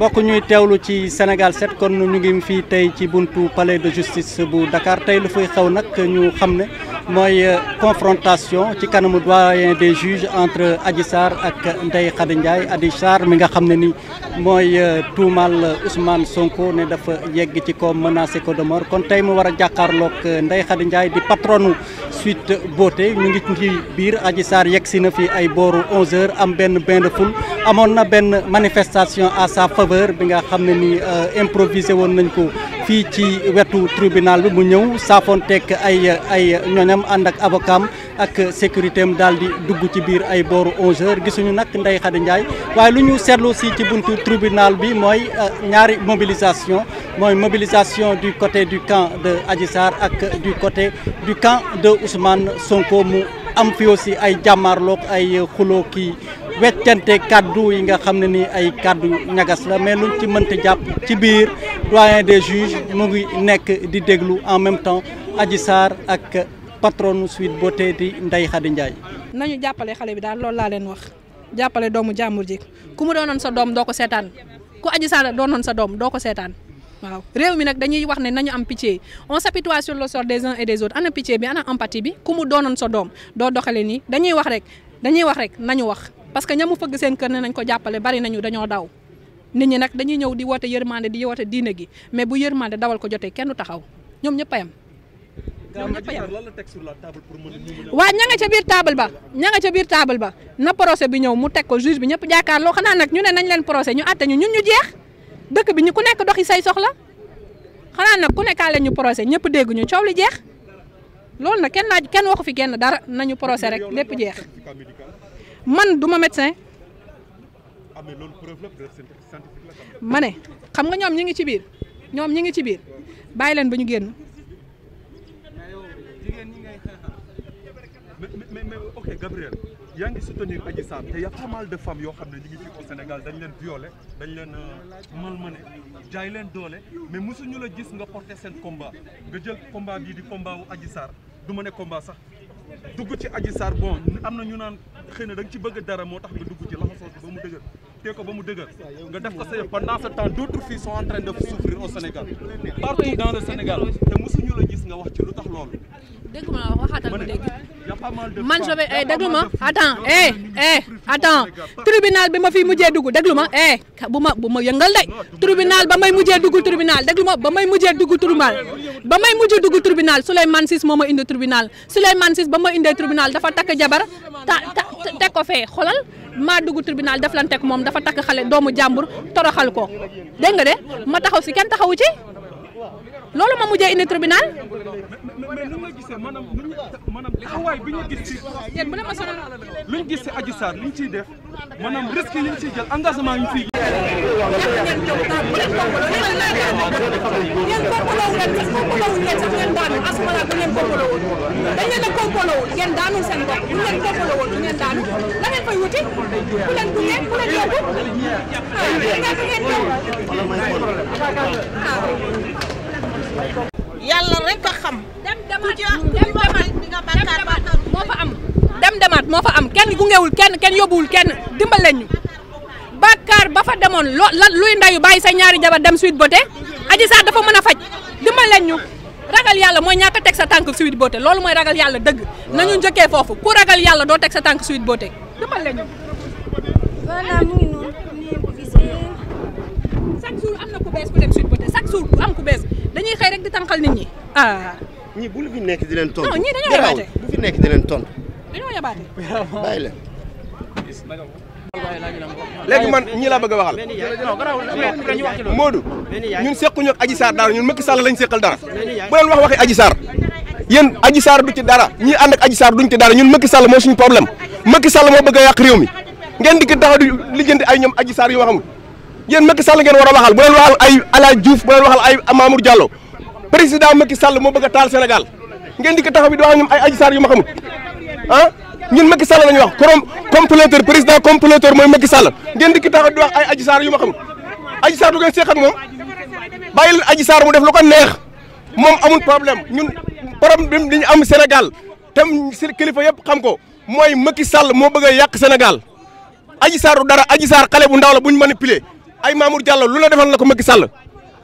bokk ñuy teewlu ci Sénégal 7 kon ñu ngi fii tey ci buntu palais de justice bu Dakar tey lu fay xew nag ñu xam ne mooy euh, confrontation ci kanamu doyen des juges entre Adji Sarr ak Ndeye Khady Ndiaye Adji Sarr mi nga xam ne ni mooy euh, tuumaal Ousmane Sonko ne dafa yegg ci ko menacé ko de mort kon tey mu war a jàkkaarlook euh, Ndeye Khady Ndiaye di patronu suite beauté mu ngi ci biir Adji Sarr yegg si na fi ay booru 11h am benn benn de amoon na benn manifestation à sa faveur bi nga xam ne ni euh, improvisé woon nañ ko fii ci wetu tribunal bi mu ñëw saafoonteek ay ay ñoñam ànd ak avocat ak sécurité am daal di dugg ci biir ay booru 11h gisuñu nag Ndeye Khady Ndiaye waaye lu ñu seetlu si ci buntu tribunal bi mooy euh, ñaari mobilisation mooy mobilisation du côté du camp de Adji Sarr ak du côté du camp de Ousmane Sonko mu am fi aussi ay jàmmaarloog ay xuloo kii weccante kaddu yi nga xam ne ni ay kaddu ñagas la mais luñ ci mënta jàpp ci biir doyen des juges mu ngi nekk di déglu en même temps Adji Sarr ak patron Sweet Beauté di Ndeye Khady nañu jàppale xale bi daal loolu laa leen wax jàppale doomu jàmbur ji ku mu doonoon sa doom doo ko seetaan ku Adji Sarr doonoon sa doom doo ko seetaan. waaw réew mi nag dañuy wax ne nañu am pitié on s'apitoie sur le des uns et des autres ana pitié bi ana empathie bi ku mu doom doo doxale nii dañuy wax rek dañuy wax rek nañu wax parce que ñamu fëgg seen kër nañ ko jàppale bari nañu dañoo daw nit ñi nag dañuy ñëw di woote yërmande di woote diine gi mais bu yërmande dawal ko jotee kenn du taxaw ñoom ñëpp a waaw ña nga ca biir table ba ña nga ca biir table ba na procès bi ñëw mu teg ko juge bi ñëpp jàkkaarloo xanaa nag ñu ne nañ leen procès ñu àtte ñu ñun ñu jeex dëkk bi ñu ku nekk dox yi say soxla xanaa nag ku nekkaa ñu procès ñëpp dégg ñu coow li jeex loolu na kenn laaj kenn waxu fi kenn dara nañu procès rek lépp jeex man du ma médecin ah, ma ne xam nga ñoom ñi ngi ci biir ñoom ñi ngi ci biir bàyyi leen ba ñu génn mais mais mais ok Gabriel yaa ngi soutenir Adji te y' a pas mal de femmes yoo xam ne ñu ngi fii au Sénégal dañ leen violé dañ leen euh, malmené jaay leen doole mais ñu la gis nga porté seen combat nga jël combat bii di combat wu Adji du ma ne combat sax dugg ci Adji Sarr bon am na ñu naan xëy na da ci bëgg dara moo tax nga dugg ci laxasoo bi ba mu dëgër. tee ba mu dëgër nga def ko sa yëf pendant ce temps d'autres filles sont en train de souffrir au Sénégal partout dans le la gis nga wax ci lu tax loolu. dégg ma waxaatal ma dégg man je vais eh, déglu ma attends eh, eh tribunal bi ma fi mujjee dugg déglu ma eh bu ma bu ma yëngal de tribunal ba may mujjee dugg tribunal déglu ma ba may mujjee dugg tribunal ba may mujjee dugg tribunal Souleymane Ciss moo ma indi tribunal Souleymane Ciss ba ma indee tribunal dafa takk jabar ta teg ko fee maa dugg tribunal def lan teg moom dafa takk xale doomu jàmbur toroxal ko dégg nga de ma taxaw si kenn taxawu ci loolu ma mujjee indi tribunal gisee maanaam lu ñu maanaam taxawaay bi ñu gis ci lu ñu gis ci Adji Sarr li ñu ciy def maanaam risque yi ñu ciy jël engagement yi ñu ciy dañ leen a kompolo woon ngeen daanu seen bopp bu leen kompolo woon ngeen daanu la ngeen fay wuti ku leen gunge ku leen yóbbu ah ngeen ngeen yàlla rek a xam. dem demaat dem demaat moo fa am dem demaat moo fa am kenn gungewul kenn kenn yóbbuwul kenn dimbal leen ñu. Bakkaar ba fa demoon loo lan luy ndayu bàyyi sa ñaari jabar dem suite beauté aji sax dafa mën a faj dimbal leen ñu ragal yàlla mooy ñàkk teg sa tànk suite beauté loolu mooy ragal yàlla dëgg. nañu njëkkee foofu ku ragal yàlla doo teg sa tànk suite beauté dimbal leen tànqal nit ñi ah. ñii bu lu fi nekk di leen tontu. non ñii dañoo yabaate bu fi nekk di leen tontu. dañoo yabaate. bàyyi leen. léegi man ñi laa bëgg a waxal. Modou ñun sequñu ak Adji Sarr dara ñun Macky Sall lañ seqal dara bu leen wax waxi Adji Sarr yéen Adji Sarr du ci dara ànd ak Adji Sarr ci dara ñun Macky Sall moo suñu problème Macky Sall moo bëgg a yàq réew mi ngeen dikk taxaw di lijjanti ay ñoom Adji Sarr yu waxamul yéen Macky Sall ngeen war a waxal bu leen waxal ay Ala Diouf bu leen waxal ay Mamour jallo président Macky Sall moo bëgg a taal Sénégal ngeen di ko taxaw bi di wax ñoom ay Adji Sarr yu ma xamul ah ñun Macky Sall la ñuy wax korom comploteur président comploteur mooy Macky Sall ngeen di ko taxaw di wax ay Adji Sarr yu ma xamul Adji Sarr du ngeen seex ak moom bàyyi leen Adji Sarr mu def lu ko neex moom amul problème ñun problème bi ñu am Sénégal tam si kilifa yëpp xam ko mooy Macky Sall moo bëgg a yàq Sénégal Adji Sarr du dara Adji Sarr xale ndaw la bu ñu manipuler ay Mamour Diallo lu la defal na ko Macky salla